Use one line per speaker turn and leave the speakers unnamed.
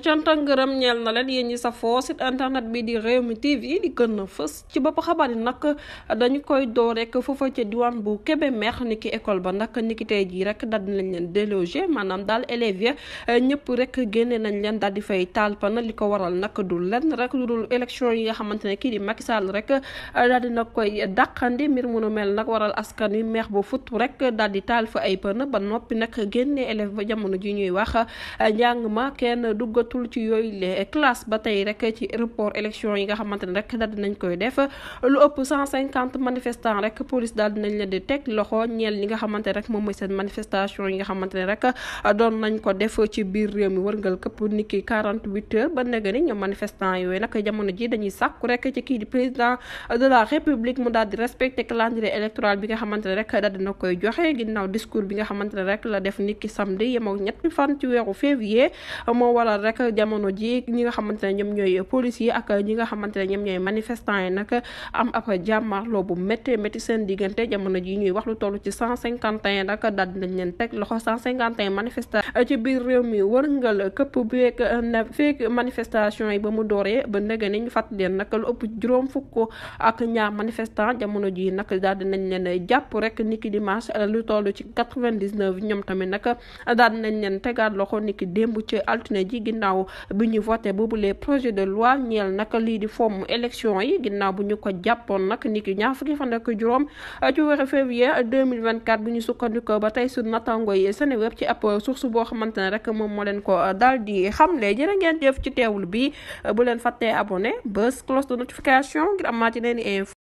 cant ak ngërëm ñeel na leen yéen ñi safoo site internet bi di Rewmi TV di gën fës ci bopp xabaar yi nag dañu koy door rek foofa ca diwaan bu Kébémer niki école ba nak niki tey jii rek daal di nañ leen délogé maanaam dal élèves ya ñëpp rek génne nañ leen daal di fay taal pana li ko waral nak dul lenn rek lu dul élection yi nga xamante ne kii di Macky Sall rek daal di na koy daqandi mbir mu nu mel nag waral askan wi meex bu fut rek daal di taal fa ay pana ba noppi nag génne élèves ba jamono ji ñuy wax nekkatul ci yooyu les classes ba tey rek ci report élection yi nga xamante ne rek daal dinañ koy def lu ëpp cent cinquante manifestants rek police daal dinañ leen di teg loxo ñeel li nga ne rek moom mooy seen manifestation yi nga xamante ne rek doon nañ ko def ci biir réew mi wërngal këpp niki ba nag ni ñoom yooyu nag jamono ji dañuy sàkku rek ci kii di président de la république mu daal di respecté calendrier électoral bi nga xamante ne rek daal dina koy joxe ginnaaw discours bi nga xamante ne rek la def niki samedi yemoo nag jamono ji ñi nga xamante ne ñoom ñooy police yi ak ñi nga xamante ne ñoom ñooy manifestant yi nag am ab jàmmarloo bu métti métti seen diggante jamono ji ñuy wax lu toll ci cent cinquante et un nag daal dinañ leen teg loxo cent cinquante et un manifestant ci biir réew mi wërngal këpp beeg manifestation yi ba mu dooree ba ndege ni ñu fàttali leen nag ëpp juróom fukk ak ñaar manifestant jamono ji nag daal dinañ leen jàpp rek niki dimanche lu toll ci quatre-vingt-dix-neuf ñoom tamit nag daal dinañ leen tegaat loxo niki démb ci altine ji ginnaaw bi ñu voté boobu les projets de loi ñeel nag lii di fomm élection yi ginnaaw bu ñu ko jàppoon nag ni ki ñaar fukki fan ak juróom euh, ci weeru février 2024 bu ñu sukkandikoo ba tey su natango yi Seneweb ci ab source boo xamante ne rek moom moo leen ko euh, daal di xamle jërë ngeen jëf ci teewul bi euh, bu leen fàttee abonné bës cloche de notification ngir amaat yeneen info